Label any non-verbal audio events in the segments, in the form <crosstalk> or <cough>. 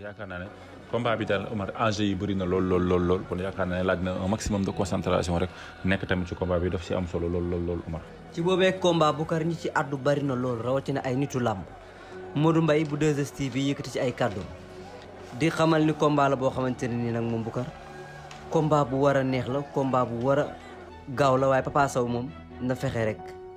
yaakaar naa ne combat bi daal Omar enjeu yi bëri na lool lool lool lool kon yaakaar naa ne laaj na un maximum de concentration rek nekk tamit ci combat bi daf si am solo lool lool lool Omar. ci boobee combat Boucar ñi ci àddu bëri na lool rawatina ay nitu moo Modou mbay bu 2STV bi yëkkati ci ay kàddu di xamal ni combat la boo xamante ne nii nag moom Boucar combat bu war a neex la combat bu war a gaaw la waaye Papa Sow moom na fexe rek.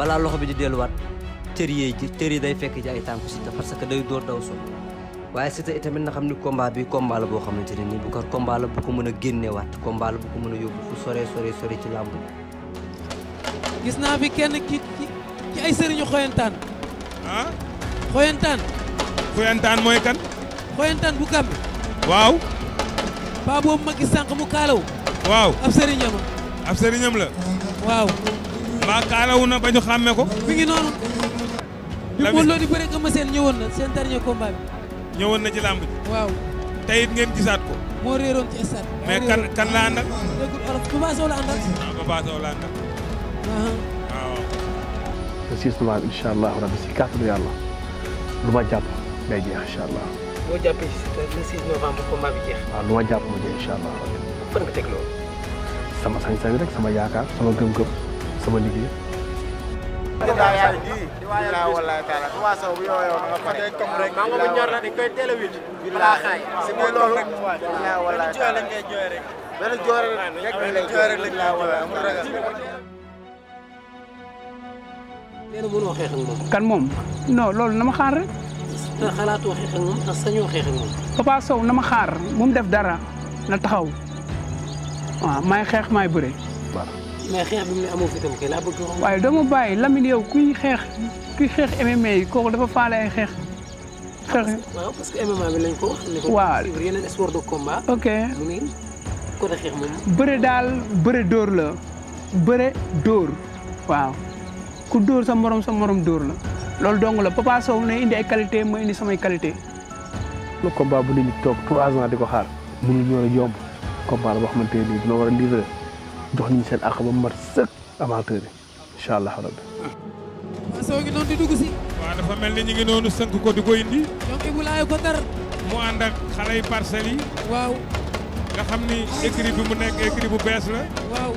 balaa loxo bi di delluwaat tër yi tër yi day fekk ci ay tànku Siteu parce que day door daw soo waaye Siteu itamit na xam ni combat bi kombaal la boo xamante ne nii bu ko combat la bu ko mën a génneewaat combat la bu ko mën a yóbbu fu sore sore sore ci làmb gis naa fi kenn ki ci ay sëriñu xoyantaan ah xoyantaan xoyantaan mooy kan xoyantaan bu gàmbi waaw paa boobu ma gis sànq mu kaalaw waaw ab sëriñam ab sëriñam la waaw Tapha kaalawu na ba ñu xàmme ko. mi ngi noonu. bi Modou Lo di bëre Eumeu Sène ñëwoon na seen dernier combat bi. ñëwoon na ci làmb ji. waaw tey it ngeen gisaat ko. moo réeroon ci stade. mais kan kan la àndal. déggul olof Papa Sow la àndal. waaw ah, Papa Sow la àndal. Uh-huh. Ah, waaw. le 6 novembre incha allah rabi si kàttanu yàlla lu ma jàpp day jeex incha allah. boo jàppee le 6 novembre combat bi jeex. waaw ah, lu ma jàpp mu jeex incha allah. fan nga teg loolu. sama sañ-sañ rek sama yaakaar sama gëm-gëm. sama liggéey. billaay wallaay taala Papa Sow bu yow yow nga pare mango bu ñor la dañ koy teel a witt billaay xaay si biir loolu billaay wallaay jooy lañ koy jooy rek benn jooy rek benn jooy rek lañ laa wallaay amul ragal nee na mënoo xeex ak moom kan moom non loolu na ma xaar rek xalaatoo xeex ak moom ndax sañoo xeex ak moom Papa Sow na ma xaar mu def dara na taxaw waaw maay xeex maay bëre mais xeex bi amoo fi tam kay laa waaye doo bàyyi Lamine yow kuy xeex kuy xeex MMA yi kooku dafa faale ay xeex. Ah, waaw lañ ko wax. ko ok bëre daal bëre dóor la bëre dóor waaw ku dóor sa morom sa morom dóor la loolu dong la Papa Sow ne indi ay qualité ma indi samay qualité le combat bu nit ñi trois ans di ko xaar mënuñu war a yomb combat la boo xamante ne bii dina war a livrer. jox ñu seen àq ba mu mat sëkk amateur soo ngi noonu di dugg si. waaw dafa mel ni ñu ngi noonu sënk ko di ko indi. ñoom Ibou Laye ko tar. mu ànd ak xale yu parcelles yi. waaw. nga xam ni écrit bi mu nekk écrit bu bees la. waaw.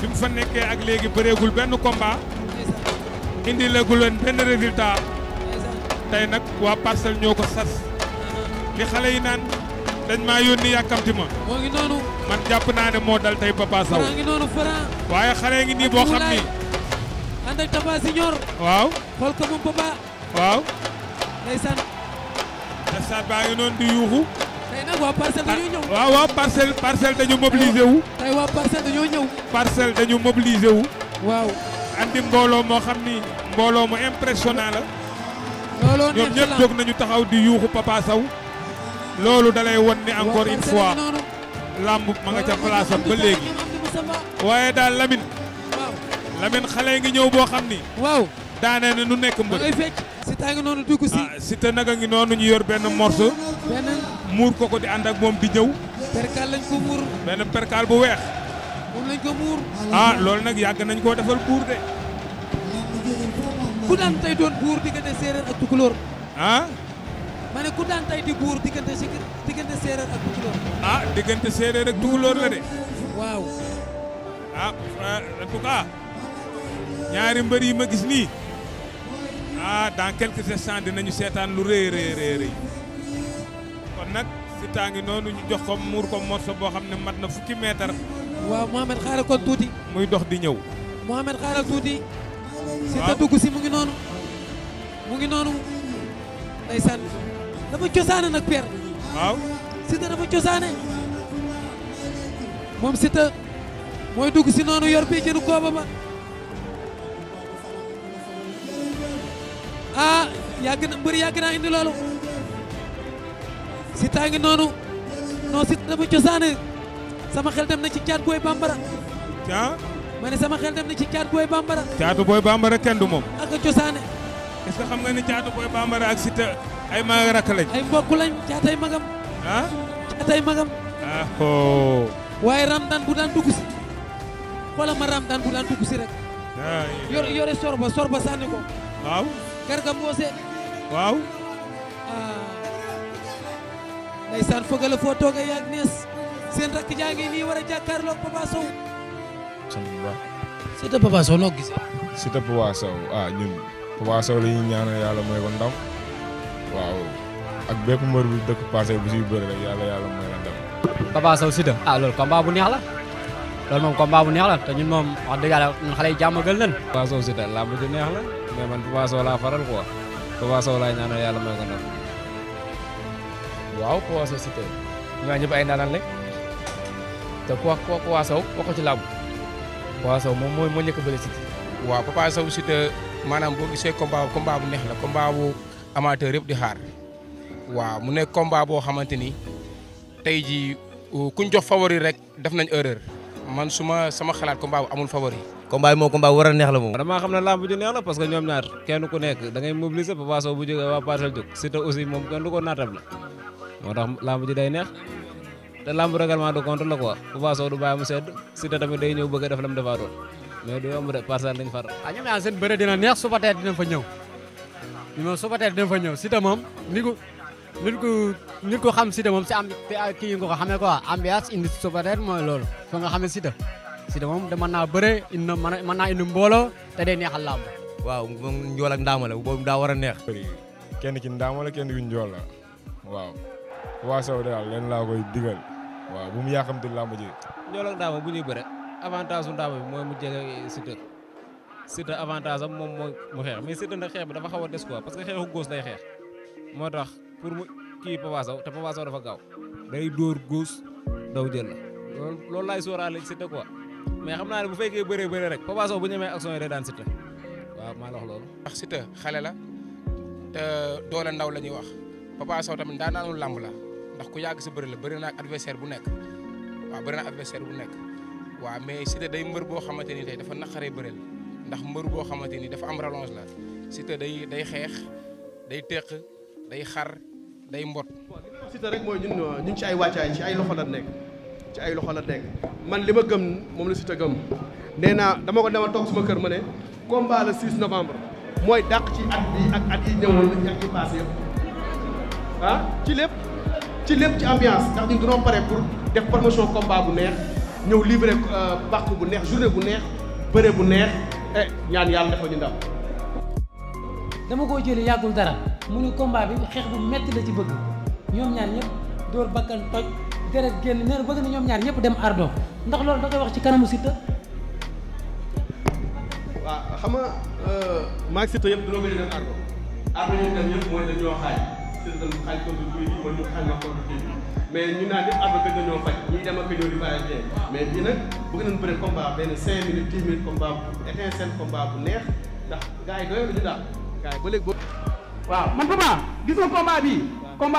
bi mu fa nekkee ak léegi bëreegul benn combat. indi lagul leen benn résultat. tey nag waa parcelle ñoo ko sas. Ah. li xale yi naan. dañ maa yónni yàkkamti ma. moo ngi noonu. man jàpp naa ne moo dal tey Papa Sow. ngi noonu waaye xale ngi nii boo xam ni. ànd ak Tapha Senior. waaw. xool ko moom Papa. waaw. ndeysaan. ndeysaan baa ngi noonu di yuuxu. tey nag waa parcelle dañoo ñëw. waaw waaw parcelle parcelle dañu mobilisé wu. tey waa dañoo ñëw. parcelle dañu mobilisé wu. waaw. andi mbooloo moo xam ni mbooloo mu impressionnant la. mbooloo ñoom ñëpp jóg nañu taxaw di yuuxu Papa Sow. loolu dalay won ni encore une fois làmb ma nga ca place ba léegi waaye daal Lamine Lamine xale ngi ñëw boo xam ni waaw daanee ne nu nekk mbër si taa ngi noonu dugg si ah, si te naga ngi noonu ñu yor benn morceau benn muur ko ko di ànd ak moom di ñëw perkaal lañ ko muur benn perkaal bu weex moom ko muur ah, loolu nag yàgg nañ koo defal buur de ku daan tey doon buur diggante séeréer ak tukulóor ah? ma ne ku daan tey di buur diggante si diggante séeréer ak tukulóor. ah diggante séeréer ak tukulóor la de. waaw. ah en tout cas ñaari mbër yi ma gis nii ah dans quelques instants dinañu seetaan lu rëy rëy rëy kon nag si tàngi noonu ñu jox ko muur ko morceau boo xam ne mat na fukki meetar. waaw Mohamed xaaral kon tuuti. muy dox di ñëw. Mohamed xaaral tuuti. si ta dugg si mu ngi noonu. mu ngi noonu. ndeysaan. dafa cosaane nag per waaw Siteu dafa cosaane. moom Siteu mooy dugg si noonu yor bi jënu kooba ba. ah yàgg na mbëri yàgg naa indi loolu. Siteu a ngi noonu non Siteu dafa cosaane sama xel dem na ci caat booy bambara. ah. ma ne sama xel dem ci caat booy bambara. caatu booy bambara kenn du moom. ak cosaane. est xam nga ni caatu booy bambara ak Siteu. ay mag rakk lañ. ay mbokk lañ caatay magam. Ah? caatay magam. ah oh. waaye Ramdan bu daan dugg si. xoolal ma Ramdan bu daan dugg si rek. yore sorba sorba sànni ko. waaw. Garga Mbossé. waaw. ah. ndeysaan fogale foo nees. seen rakk jaa nii war a jàkkaarloog Papa Sow. Siteu Papa noo gisee. Siteu Papa Sow ah ñun Papa Sow la ñuy ñaanal yàlla mooy ko waaw ak bépp mbër bu dëkk parcelle bu siy bëri rek yàlla yàlla may la dem. Papa Sow Siteu ah loolu combat bu neex la loolu moom combat bu neex la te ñun moom wax dëgg yàlla xale yi jàmm gën leen. Papa Sow Siteu làmb ji neex la mais man Papa laa faral yàlla may ko ndam. waaw Papa ku wax ku wax Sow wax ko ci làmb Papa Sow moom moo moo njëkk a bëri maanaam boo gisee combat combat bu neex la combat bu. amateur yëpp di xaar waaw mu nekk combat boo xamante ni tey jii euh, kuñ jox favori rek def nañ erreur man su ma sama xalaat combat bu amul favori. combat bi moom combat bu war a neex la moom. damaa xam ne lamb neex la parce que ñoom ñaar kenn ku nekk da ngay mobiliser Papa Sow bu jógee waa Parcelles jóg Siteu aussi moom kenn du ko naatam la moo tax lamb day neex te lamb règlement de compte la quoi du bàyyi mu sedd Siteu tamit day ñëw bëgg def lam defaatoon mais du far. waaw ah, ñoom ñaar seen bëre moom su ko tee dina fa ñëw Siteu moom ni ku nit ku nit ku xam Siteu moom si am kii nga ko xamee quoi ambiance indi su ko tee mooy loolu soo nga xamee Siteu Siteu moom da mën naa bëre indi na mën naa indi mbooloo te day neexal làmb waaw moom njool ak ndaama la boobu daa war a neex kenn ki ndaama la kenn ki njool la waaw waa Sow daal leen laa koy digal waaw bu mu yàqamti làmb ji njool ak ndaama bu ñuy bëre avantage su ndaama bi mooy mu jege Siteu Siteu avantage am moom mooy mu xeex mais Siteu nag xeex bi dafa xaw a des quoi parce que xeexu góos day xeex moo tax pour mu kii Papa Sow te Papa dafa gaaw day dóor góos daw jël la loolu loolu laay sóoraale Siteu quoi mais xam naa ne bu fekkee bëree bëree rek Papa bu ñemee action yi day daan Siteu waaw maa la wax loolu. ndax Siteu xale la te doole ndaw la ñuy wax Papa Sow tamit daan naanul làmb la ndax ku yàgg si bëri la bëri na ak bu nekk waaw bëri na bu nekk waaw mais Siteu day mbër boo xamante ni tey dafa naqaree bëreel ndax mbër boo xamante ni dafa am rallonge la Siteu day day xeex day teq day xar day mbot. waaw Siteu rek mooy ñun ñun ci ay wàccaay ci ay loxo la nekk ci ay loxo la nekk man li ma gëm moom la Siteu gëm nee naa dama ko dama toog suma kër ma ne combat le 6 novembre mooy dàq ci at bi ak at yi ñëwoon ak yi passé ah, ci lépp ci lépp ci ambiance ndax ñun dañoo pare pour def promotion combat bu neex ñëw livré euh, bàq bu neex journée bu neex bëre bu neex. eh ñaan yàlla defal ñu ndam. dama koo jëlee yàggul dara mu ni combat bi xeex bu metti la ci bëgg ñoom ñaar ñëpp dóor bakkan toj deret génn nee bëgg na ñoom ñaan ñëpp dem ardo ndax loolu da koy wax ci kanamu Siteu. waaw xam euh, dem ardo ardo ñu dem ñëpp mooy dañoo xaaj Siteu xaaj contre kii bi ñu xaaj ma contre kii mais ñu naan ñëpp ànd ak ñoo faj ñuy dem ak ñoo di variété mais bii nag bëgg nañ bëri combat benn cinq minutes dix minutes combat bu étincelle combat bu neex ndax gars yi doyul ñu daal ba léegi boobu. man papa gis nga bi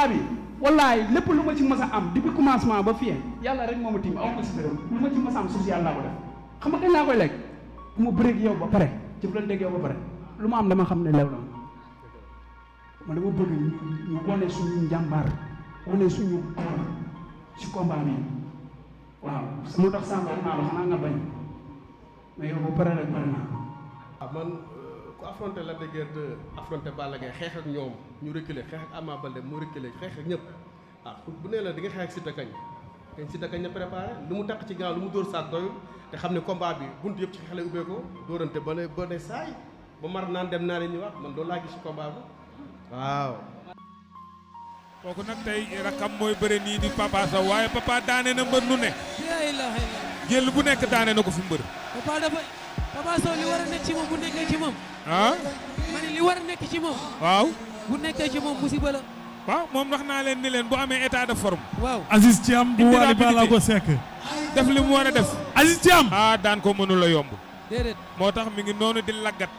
bi wallaay lu ma ci mës a am depuis commencement ba fii yàlla rek moo ma tiim aw ko si ma ci mës a am social ko def xam nga kañ laa koy lekk bu ma bëreeg yow ba pare jëflanteeg yow ba pare lu ma am dama xam ne lew ma dama bëgg ñu wane suñu njàmbaar. mu ne suñu ci combat bi waaw mu tax sànq wax xanaa nga bañ mais yow bu paree rek pare naa. waaw ah, man euh, ku affronté Lac de Guiers 2 affronté Balla Gaye xeex ak ñoom ñu reculer xeex ak Ama Baldé mu reculer xeex ak ñëpp ah bu nee la di nga xeex ak Siteu kañ kañ Siteu kañ na préparé lu mu takk ci gaaw lu mu dóor saa doyul te xam ne combat bi bunt yëpp ci xeex lay ubbee ko dóorante ba ne ba ne saay ba mar naan dem naa leen ñëwaat man loolu laa gis ci combat kooku nag tey rakam mooy bëre nii di papa waaye papa daane na mbër nu ne. jël bu nekk daane na ko fi mbër. papa dafa papa li war a nekk ci moom bu nekkee ci moom. ah. li war a nekk ci moom. waaw. bu nekkee ci moom musiba la. waaw moom wax naa leen ni leen bu amee état de forme. waaw Aziz bu waali ba la ko sekk. def li mu war a def. Aziz Thiam. ah daan ko mënul a yomb. moo tax mi ngi noonu di laggat.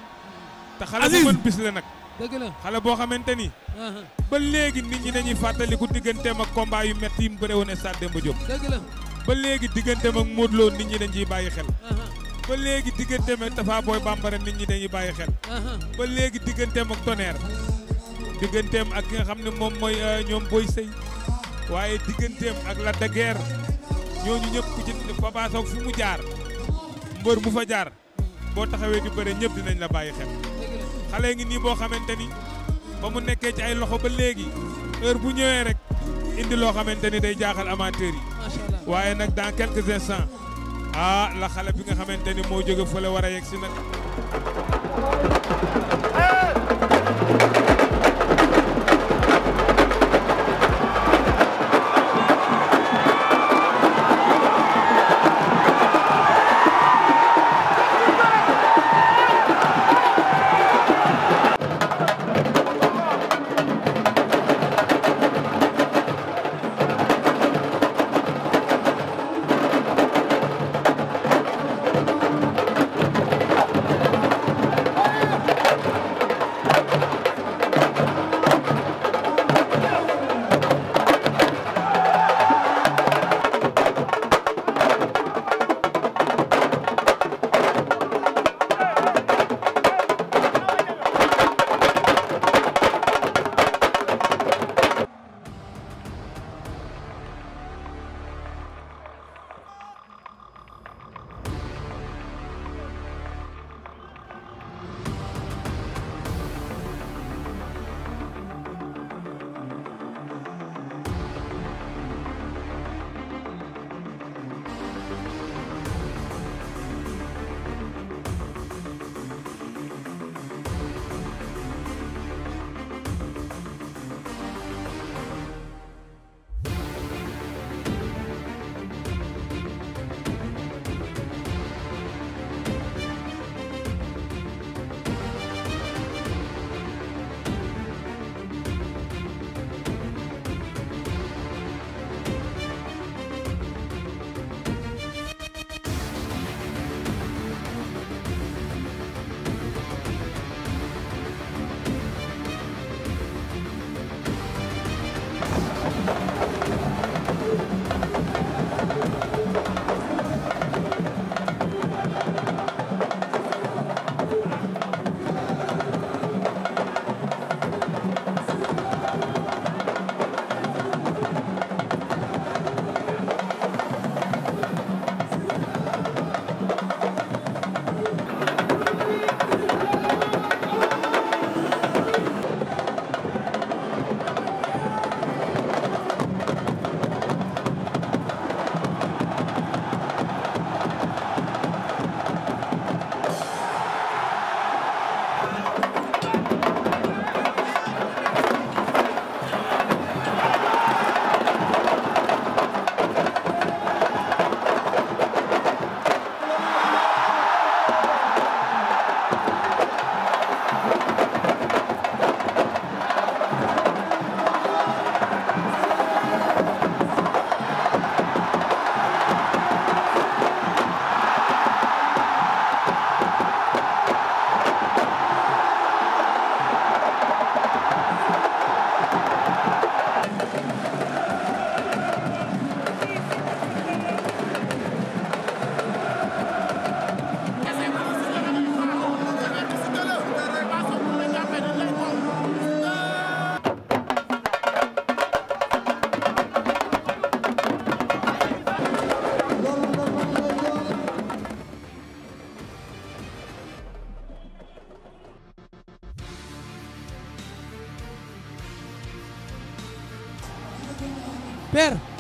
te xale bu mën bis la nag. dëgg la xale boo xamante ni. ba léegi nit ñi dañuy fàttaliku digganteem ak combat yu métti yi mu bare woon stade Demba Diop. ba léegi digganteem ak Modou Lo nit ñi dañ ciy bàyyi xel. ba léegi digganteem ak Tafa Boy Bambara nit ñi dañuy bàyyi xel. ba léegi digganteem ak Tonnerre. digganteem ak ki nga xam ne moom mooy euh, ñoom Boy sëy waaye digganteem ak Lac de Guiers ñooñu ñëpp ku ci fu mu jaar mbër mu fa jaar boo taxawee di bëre ñëpp dinañ la bàyyi xel. xale ngi nii boo xamante ni ba mu nekkee ci ay loxo ba léegi heure bu ñëwee rek indi loo xamante ni day jaaxal amateur yi. waaye nag dans quelques instants ah la xale bi nga xamante ni moo jóge fële war a yegg si nag.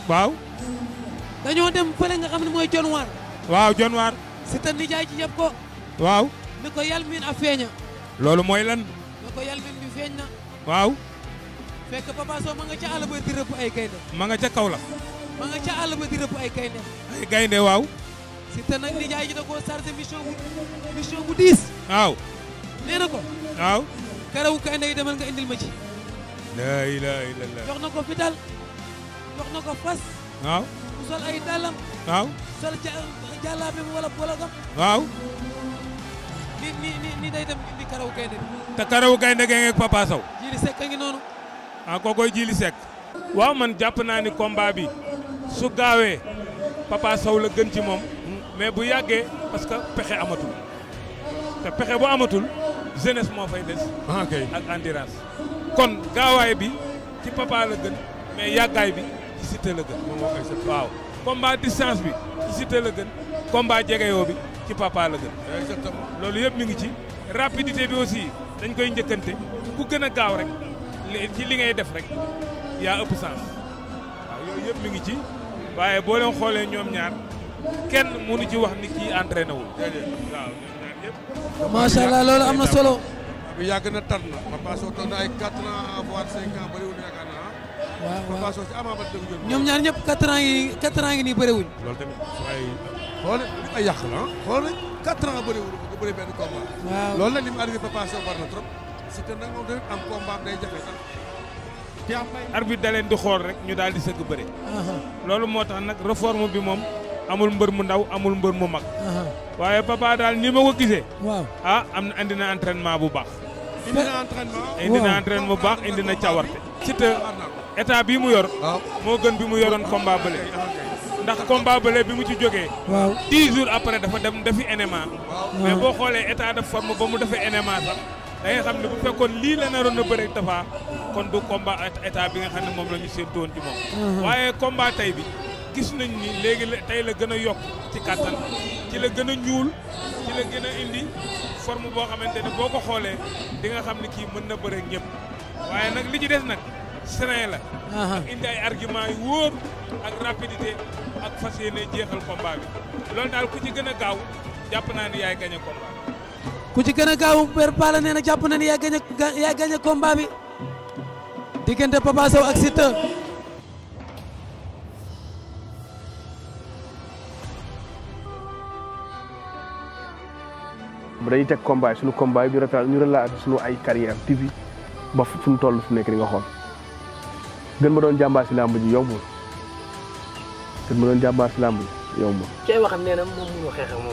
waaw. dañoo dem fële nga xam ne mooy John waaw John Waar. si te nijaay ci yëpp ko. waaw. ni ko yal min a feeña. loolu mooy lan. ni ko yal min bi feeñ na. waaw. fekk Papa ma nga ca àll ba di rëbb ay gaynde. ma nga ca kaw la. ma nga ca àll ba di rëbb ay gaynde. ay gaynde waaw. si te nag nijaay ji da koo chargé mission bu mission bu diis. waaw. nee ko. waaw. karawu gaynde yi demal nga indil ma ci. la ilaha jox na ko fital jox na ko fas. waaw mu sol gaynde te karaw gaynde gee ngeeg Papa Sow. Jili Seck a ngi noonu. ah kookoy Jili Seck. waaw man jàpp naa ni combat bi su gaawee Papa Sow la gën ci moom. mais bu yàggee parce que pexe amatul te pexe bu amatul jeunesse moo fay des. Ah, ak endurance kon gaawaay bi ci papa la gën mais yàggaay bi. ci Siteu la gën moom moo koy sëf waaw combat distance bi ci Siteu la gën combat jegeyoo bi ci papa la gën loolu yëpp mi ngi ci rapidité bi aussi dañ koy njëkkante ku gën a gaaw rek ci li ngay def rek yaa ëpp sens waaw yooyu yëpp mi ngi ci waaye boo leen xoolee ñoom ñaar kenn mënu ci wax ni kii entraîné wul waaw ñoom ñaar yëpp na solo ñoom ñaar ñëpp quatre ans yi quatre ans loolu tamit waaye xool ay yàq la ah. xool quatre ans bëriwul nga bëri benn combat. waaw loolu nag li mu arrivé Papa Sow war na trop. si te di xool rek ñu daal di sëgg bëri. loolu moo tax nag réforme bi moom. amul mbër mu ndaw amul mbër mu mag. waaye papa daal ni ma ko gisee. waaw ah, am na indi na entraînement bu baax. indi na bu baax indi na cawarte. ci état bii mu yor. Ah. moo gën bi mu yoroon combat bële. Ah, ndax combat bële bi mu ci jógee. waaw dix jours dafa dem defi NMA. mais boo xoolee état de forme ba mu defee NMA sax da xam ne bu fekkoon lii la naroon a bëre Tapha kon du combat état bi nga xam ne moom la ñu séntu woon ci moom. Uh-huh. waaye combat tey bi gis nañ ni léegi tey la gën a yokk ci kàttan ci la gën a ñuul ci la gën a indi forme boo xamante ne boo ko xoolee di nga xam ne kii mën na bëre ñëpp waaye nag li ci des nag. serein la. ak indi ay argument yu wóor ak rapidité ak fas yéene jeexal combat loolu daal ku ci gën a gaaw jàpp naa ni yaay gagné combat ku ci gën a gaaw Père Balla nee na jàpp na ni yaay gagné yaay gagné combat bi diggante ñu rafetlu ñu relaté ay carrière TV ba fu mu toll fu nekk di nga xool. gën ma doon jàmbaar si làmb ji yombul gën ma doon jàmbaar si làmb ji yombul. moom mënul xeex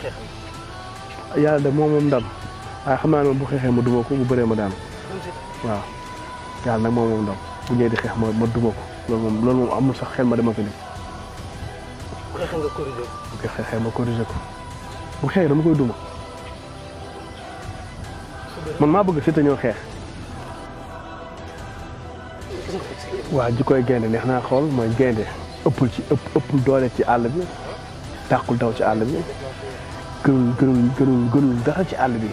xeex xam naa ne bu ma duma ko bu bëree ma daan waaw yàlla nag moom moom ndam bu ñëwee xeex ma duma ko loolu moom amul sax xel ma dama ko def. bu xeexee nga corrigé ko. bu xeexee dama koy duma man maa bëgg Siteu ñëw xeex. waaw ji koy gaynde neex naa xool mooy gaynde ëppul ci ëpp ëppul doole ci àll bi dàqul daw ci àll bi gënul gënul gënul gënul dara ci àll bi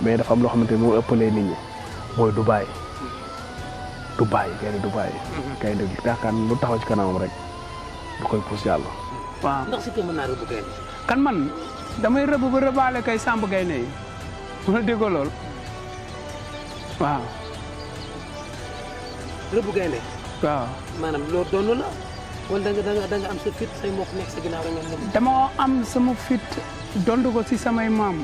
mais dafa am loo xamante ni moo ëppalee nit ñi mooy du bàyyi du bàyyi gaynde du bàyyi mhm. gaynde daakaan lu taxaw ci kanamam rek du koy pousse yàlla waaw si mën kan man damay rëbb ba rëbaale kay sàmb gaynde yi mën a déggoo rëbb gaynde waaw maanaam loolu doonu la am sa fit say mbokk dama am sama fit dondu ko ci samay maam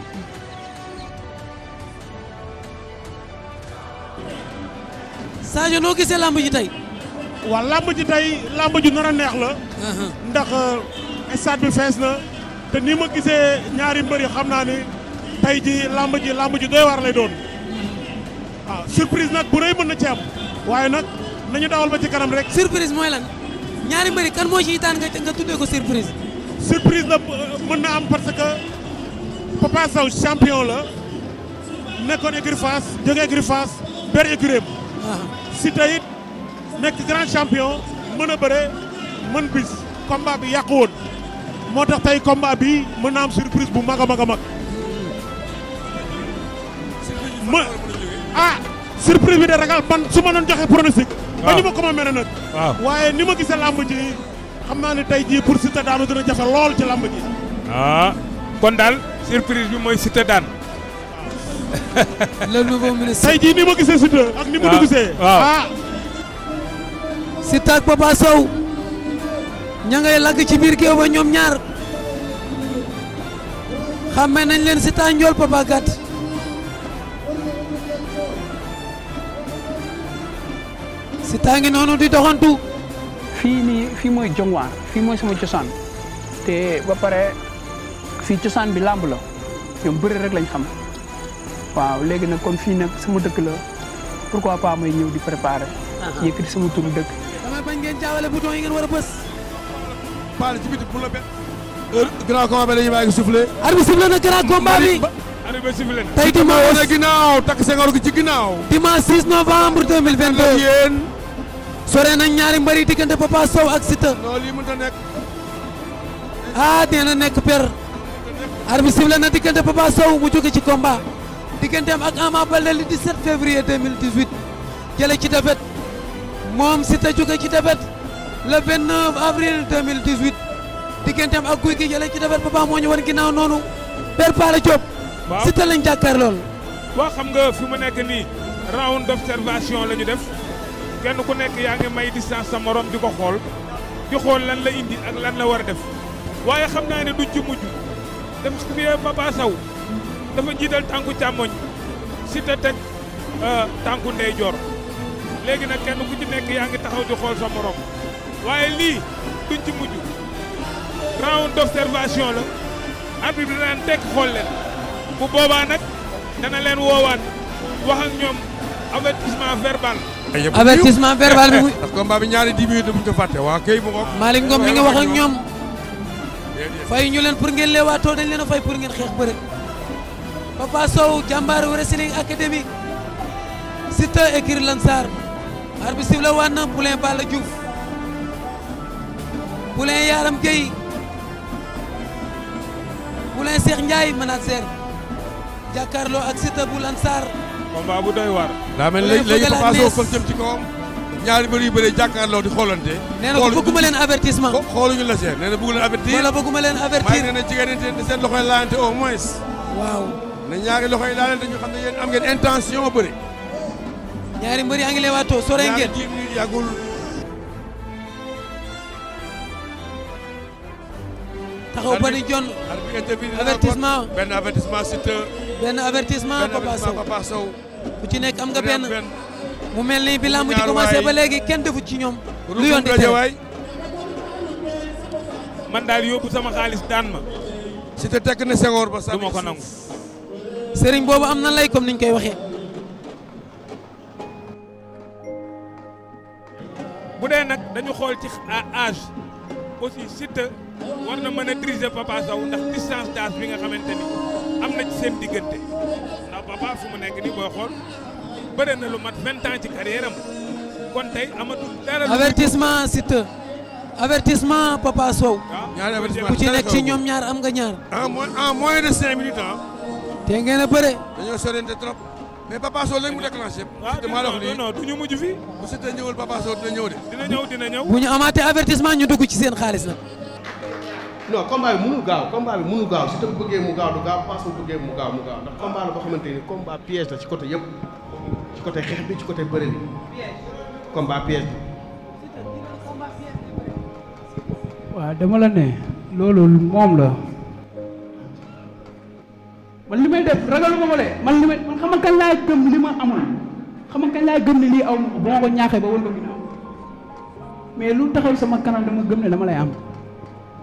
Sadio noo gisee làmb ji tey waaw làmb ji tey làmb ju nar a neex la uh-huh. ndax uh, stade bi fees na te ni ma gisee ñaari mbëri xam naa ni tey ji làmb ji làmb ji doy waar lay doon mm-hmm. surprise nag bu rëy mën na ci waaye nag nañu dawal ba ci kanam rek. surprise mooy lan ñaari mbëri kan moo ciy taan nga nga tuddee ko surprise. surprise la euh, mën na am parce que Papa Sow champion la nekkoon écurie Fass jógee écurie ber écurie ah. si tey nekk grand champion mën a bëre mën bis combat bi yàqu woon moo tax tey combat bi mën na am surprise bu mag a mag a mag. Hmm. ma ah. surprise bi de ragal man su ma doon joxe pronostic. Ah. ba ñu ma ko ma mel ah. waaye ni ma gisee làmb ji xam naa ni tey jii pour Siteu daanu dina jafe lool ci làmb ji. Ah. kon daal surprise bi mooy Siteu daan. le nouveau ministre. ma gisee Siteu ak ni mu dugg see. ah Siteu ak Papa Sow. ña ngay lagg ci biir géew ba ñoom ñaar. xàmmee nañ leen Siteu njool Papa gàtt. si tàngi noonu di doxantu. fii nii fii mooy jongwaan fii mooy sama cosaan te ba pare fii cosaan bi làmb la ñoom bëri rek lañ xam waaw léegi nag comme fii nag sama dëkk la pourquoi pas may ñëw di préparer. Uh-huh. yëkkati sama turu dëkk. damay bañ ngeen jaawale bouton yi ngeen war a bës. Paa ci biti pour le benn. heure grand combat bi la ñuy bàyyi soufflé. arbitre bi soufflé na grand bi. tey dimanche wane ginnaaw gi ci ginnaaw. dimanche 6 novembre 2022 yéen. sore na ñaari mbari diggante Papa Sow ak Siteu. non lii mënut a nekk. ah dina nekk per. arbitre sifflé na diggante Papa Sow mu jóge ci combat. digganteem ak Ama Baldé le 17 février 2018. jële ci defet. moom Siteu jóge ci defet. le 29 avril 2018. digganteem ak guy gi jële ci defet Papa moo ñu wan ginnaaw noonu. per Paale Diop. waaw Siteu lañ jàkkaar lool. waaw xam nga fi mu nekk nii round d'observation la def kenn ku nekk yaa ngi may distance sa morom di ko xool di xool lan la indi ak lan la war a def waaye xam naa ne duñ ci mujj dafa suyee Papa Sow dafa jiital tànku càmmoñ Siteu teg euh, tànku ndeyjoor léegi nag kenn ku ci nekk yaa ngi taxaw di xool sa morom waaye lii duñ ci mujj round d'observation la arbitre bi daan tekk xool leen. bu boobaa nag dana leen woowaat wax ak ñoom avertissement verbal. avertissement verbal bi <laughs> muy. parce que combat bi ñaari dix minutes mu ko fàtte waa kay mu ngoog. mi nga wax ñoom. fay ñu leen pour ngeen leewaatoo dañ leen a fay pour ngeen xeex bëre. Papa Sow jàmbaar wrestling académique. Siteu écurie Lansar. arbitre sifflé waat na Poulain Balla Diouf. Poulain Yaram Gueye. Poulain Cheikh Ndiaye manager jàkkaarloo ak Siteu bu Lansar. combat bu doy waar. daa mel léegi léegi Papa Sow fël jëm ci kawam. ñaari mbër yu bëri jàkkaarloo di xoolante. nee na ko bëgguma leen avertissement. xooluñu la seen nee na bëggu leen avertir. wala bëgguma leen avertir maa ngi ne jigéen seen loxoy laalante au moins. waaw na ñaari loxoy laalante ñu xam ne yéen am ngeen intention bëri. ñaari mbër yaa ngi lay waatoo sore ngeen. taxaw ba ni jon avertissement benn avertissement Siteu. benn avertissement Papa Sow Papa Sow bu ci nekk am nga benn mu mel nii bi làmb ji ba léegi kenn defu ci ñoom lu yoon di waay man daal yóbbu sama xaalis daan ma si te tekk na sengoor ba sax du ko nangu sëriñ boobu am na lay comme niñ koy waxee dee nag dañu xool ci âge na mën a diriger Papa Sow ndax distance d'âge bi nga am na ci seen diggante ndax Papa fu mu nekk nii booy xool bëre na lu mat vingt ans ci carrière am kon tey amatul dara. avertissement Siteu Papa Sow. ñaari avertissement ku ñoom ñaar am nga ñaar. en moins de cinq minutes ah. a bëre. dañoo sorente trop. mais Papa Sow léegi mu déclenché. Ah, waaw dina non non du ñu mujj fii. bu Siteu ñëwul Papa Sow dina ñëw de. dina ñëw dina bu ñu amaatee avertissement ñu dugg ci seen xaalis nag. non combat bi mënul gaaw combat bi mënul gaaw si te bu bëggee mu gaaw du gaaw passe bu bëggee mu gaaw mu gaaw ndax combat la boo xamante ni combat piège la ci côté yëpp ci côté xeex bi ci côté bëre bi combat piège bi. waaw dama la ne loolu moom la man li may def ragaluma ma de man li may man xam nga kañ laay gëm li ma amul xam nga kañ laay gëm ne lii aw ba ma ko ñaaxee ba wër ko ginnaaw mais lu taxaw sama kanam dama gëm ne dama lay am.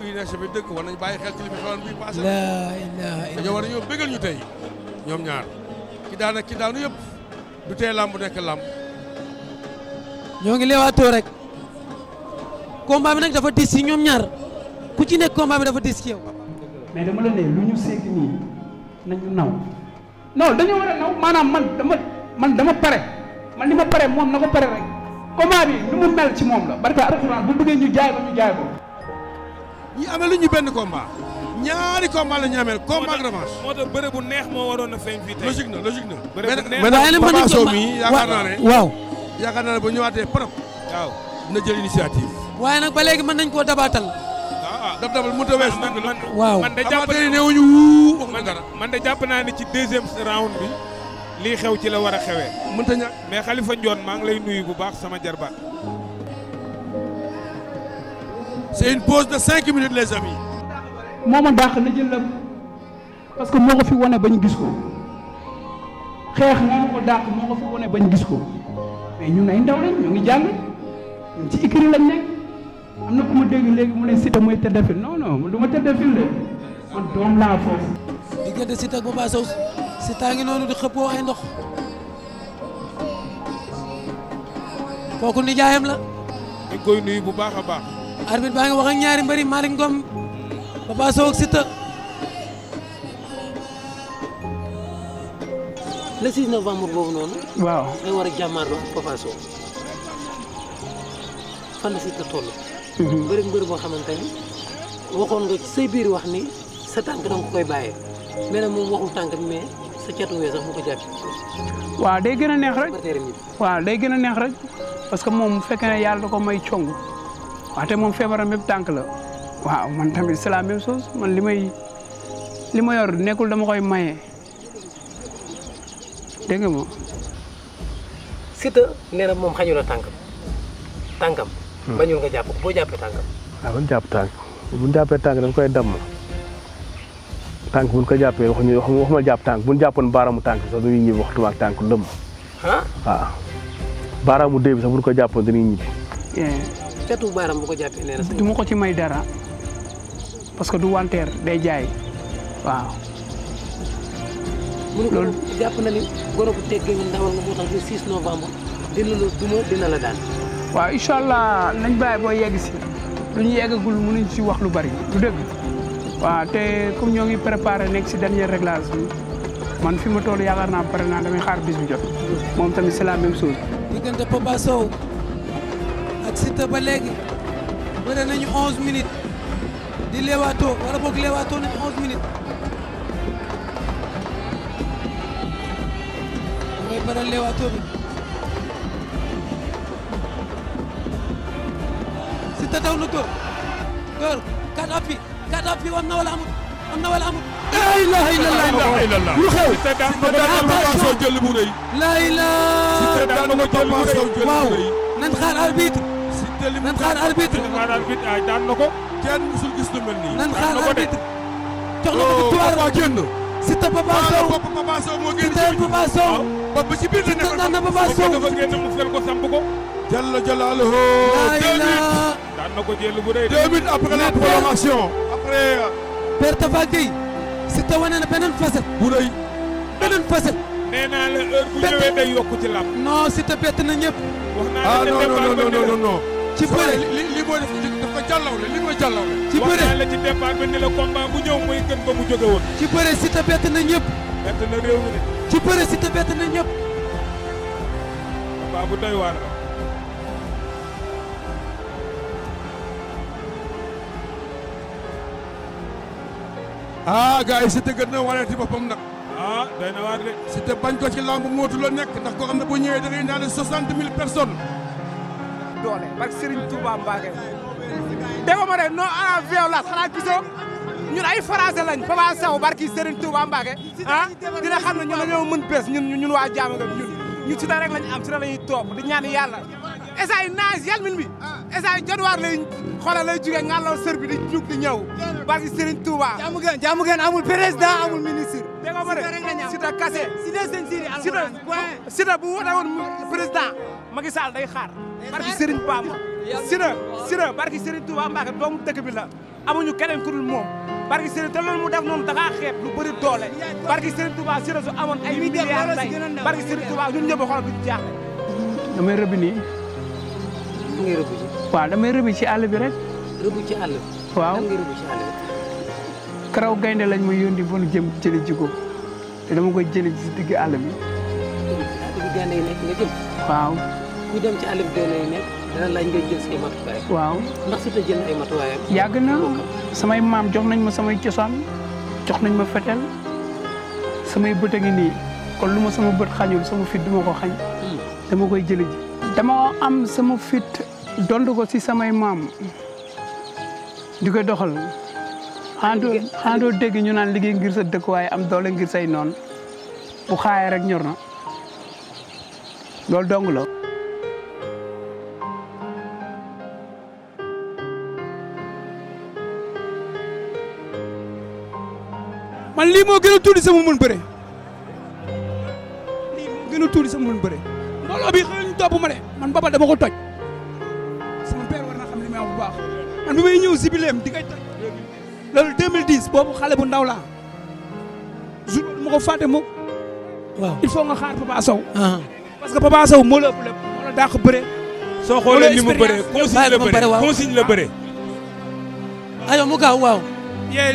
UNSP dëkk war nañ bàyyi xel ci li fi xewoon bi passé la ilaha illa dañoo war nañoo bégal ñu tey ñoom ñaar ki daan ak ki daanu yëpp du tee làmb nekk làmb ñoo ngi leewaatoo rek combat bi dafa dis ci ñoom ñaar ku ci nekk combat bi dafa dis ci yow mais dama la ne lu ñu seeg naw non dañoo war man dama man dama pare man li ma pare moom na ko pare bi lu mu mel ci moom la barka alxuraan bu duggee ñu jaay ko ñu jaay ko ñu amee lu ñu benn combat ñaari combat la ñu amee combat ak revanche. moo tax bëre bu neex moo waroon a feeñ fii na logique na. bëre bu neex waaye yaakaar naa ne. waaw yaakaar naa ne ba ñëwaatee prop. waaw na jël initiative. ba léegi mën nañ koo dabaatal. Ah. dab dabal mu tawee si ah, dëgg la. waaw man de jàpp naa ne newuñu wuu wax nga dara. man de jàpp naa ne ci deuxième round bi li xew ci la war a xewee. mënta ñàkk mais Khalifa Ndione maa ngi lay nuyu bu baax sama jarbaat c'est une pause de cinq minutes les amis. moo ma dàq na jël la parce que moo ko fi wane bañ gis ko xeex moo ko dàq moo ko fi wane bañ gis ko mais ñun ay ndaw lañ ñoo ngi jàng ñun ci ikiri lañ nekk am na ku ma dégg léegi mu ne Siteu mooy tête de file non non du ma tête de file de man doom laa foofu. diggante Siteu ak Papa ngi noonu di xëppoo ay ndox kooku nijaayam la. di koy nuyu bu baax a baax. arbitre baa ngi wax ak ñaari mbëri Malick Ngom Papa Sow ak Siteu boobu noonu. waaw nga war a jàmmaarloo Papa Sow fan la Siteu toll. mbëri mhm. mbëri boo xamante ni waxoon nga say biir wax ni sa tànk danga ko koy bàyyee mais nag moom waxul tànk mais sa catu wee sax mu ko jàpp. waaw day gën a neex rek. waaw day gën a neex rek parce que moom bu fekkee ne yàlla da ko may cong. wante moom feebaram yëpp tànk la waaw man tamit c'est la même man li may ma yor nekkul dama koy maye dégg nga moom. Siteu nee na moom xañu la tànkam tànkam. Hmm. bañul nga jàpp ko boo jàppee ah, jàpp tànk bu ñu jàppee tànk dañ koy damm tànk bu ñu ko jàppee waxuñu jàpp tànk bu ñu jàppoon baaraamu tànk sax dañuy ñibbi tànk dëmm. ah waaw baaraamu dee bi sax bu ñu ko jàppoon dañuy ñibbi. tetu baaraam bu ko jàppee nee du ma ko ci may dara parce que du wanteer day jaay waaw. loolu jàpp na ni goro bu teggee nga ndawal novembre dina la duma waaw incha allah nañ bàyyi boo yegg si lu ñu yeggagul mënuñ si wax lu bari du dëgg. waaw te comme ñoo ngi préparé nekk si dernier réglage bi man fi ma toll yaakaar naa pare naa damay xaar bis bi jot moom tamit c'est la même chose. ak Siteu ba léegi bëre nañu 11 minutes di leewaatoo wala boog leewaatoo nañu 11 minutes. mooy bëre leewaatoo bi Siteu daw na dóor dóor quatre appuis quatre appuis am na wala amul am na wala amul. laa ilaaha illallaah lu xew Siteu daan na ko jël bu rëy. laa ilaaha Siteu daan na ko jël bu rëy waaw nañ xaar arbitre. te li mu xaar arbitre xaar arbitre ay daan na ko kenn musul gis lu mel nii nan xaar arbitre jox na ko tuwaar waa génn si te Papa Sow Papa Sow moo génn si Papa Sow ba ba ci biir la nekk naan na Papa Sow dafa génn mu fel ko samp ko jalla jalaaluhu na ko jël bu rëy deux minutes après la prolongation après Père Tapha Gueye si te la heure bu ñëwee day yokk ci làmb non si bett na ñëpp wax naa la ah, non non non non ci bëre li li moo def dafa jàllawle li moo jàllawle. mooy gën mu jóge woon. ci bëre si te bett na ñëpp. bett na réew mi de. ci bëre si te bett na ñëpp. combat bu doy waar la. ah gars gën na wareeti boppam nag. ah bañ ko ci lamb mootu la nekk ndax ko xam ne bu ñëwee da ngay naan soixante mille doole barke Serigne Touba Mbacké déggoo ma de non à ah, la violence xanaa ñun ay français lañ Papa Sow barke Serigne Touba Mbacké ah dina xam ne ñun dañoo mën bés ñun ñun waa jaamu nga ñun ñun ci lañ am ci la di ñaan yàlla esa yi naaj yal min bi esa yi januwaar lay xoolal lay jugee ngàlloo sër bi di jug di ñëw barke Serigne Touba jaamu ngeen jaamu ngeen amul président amul ministre déggoo ma de Sita Kassé Sita Sita bu wote woon président Macky barki Serigne Bamba Siteu Siteu barki Serigne Touba Mbacke doomu dëkk bi la amuñu keneen ku dul moom barki Serigne te loolu mu def noonu da ngaa xeeb lu bëri doole barki Serigne Touba Siteu su amoon ay milliards tey barki Serigne Touba ñun ñëpp xool duñ jaaxle damay rëbbi nii ngay rëbbi ci waaw damay rëbbi ci àll bi rek rëbbi ci àll waaw ngay rëbbi karaw gaynde lañ ma yónni ba nu jëm jëli ji ko te dama koy jëli ci digg àll bi waaw ku dem ci alif waaw ndax si ay matuwaayam. yàgg na samay maam jox nañ ma samay cosaan jox nañ ma fetel samay bët a nii kon lu ma sama bët xañul sama fit duma ko xañ. Hmm. dama koy jëli ji. dama am sama fit dond ko si samay maam di ko doxal. àndoo àndoo dégg ñu naan liggéey ngir sa dëkkuwaay am doole ngir say noon bu xaayee rek ñor na loolu dong man lii moo gën a tuuti sama mën bëre lii moo gën a tuuti sama mën bëre mbooloo bi xëy ñu topp ma de man baba dama ko toj sama war na xam li may wax bu baax man bi may ñëw sibileem di koy toj loolu 2010 boobu xale bu ndaw laa jour ma xa fàtte mukk waaw il faut nga xaar Papa Sow ah. parce que Papa Sow moo la ëpp lépp bëre soo xoolee ni mu bëree consigne la bëree ayo mu gaaw waaw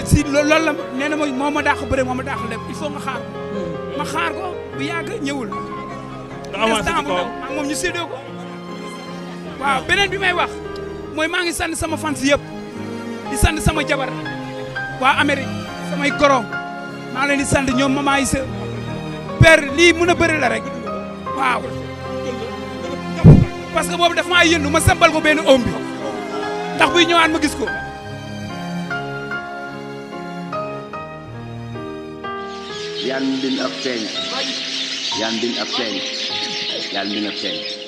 si loolu la nee na mooy moo ma dàq bëre moo ma xaar ma xaar ko moom ñu séddoo ko. waaw beneen bi may wax mooy maa ngi sant sama fans yëpp di sant sama jabar waa Amérique samay goro maa ngi leen di sant ñoom mama Issa père lii mu a bëri la rek waaw. parce que boobu daf maa yëndu ma sambal ko benn oom bi ndax buy ñëwaat ma gis ko. yàlla na dindi ab feeñ yàlla na dindi ab feeñ yàlla na dindi ab feeñ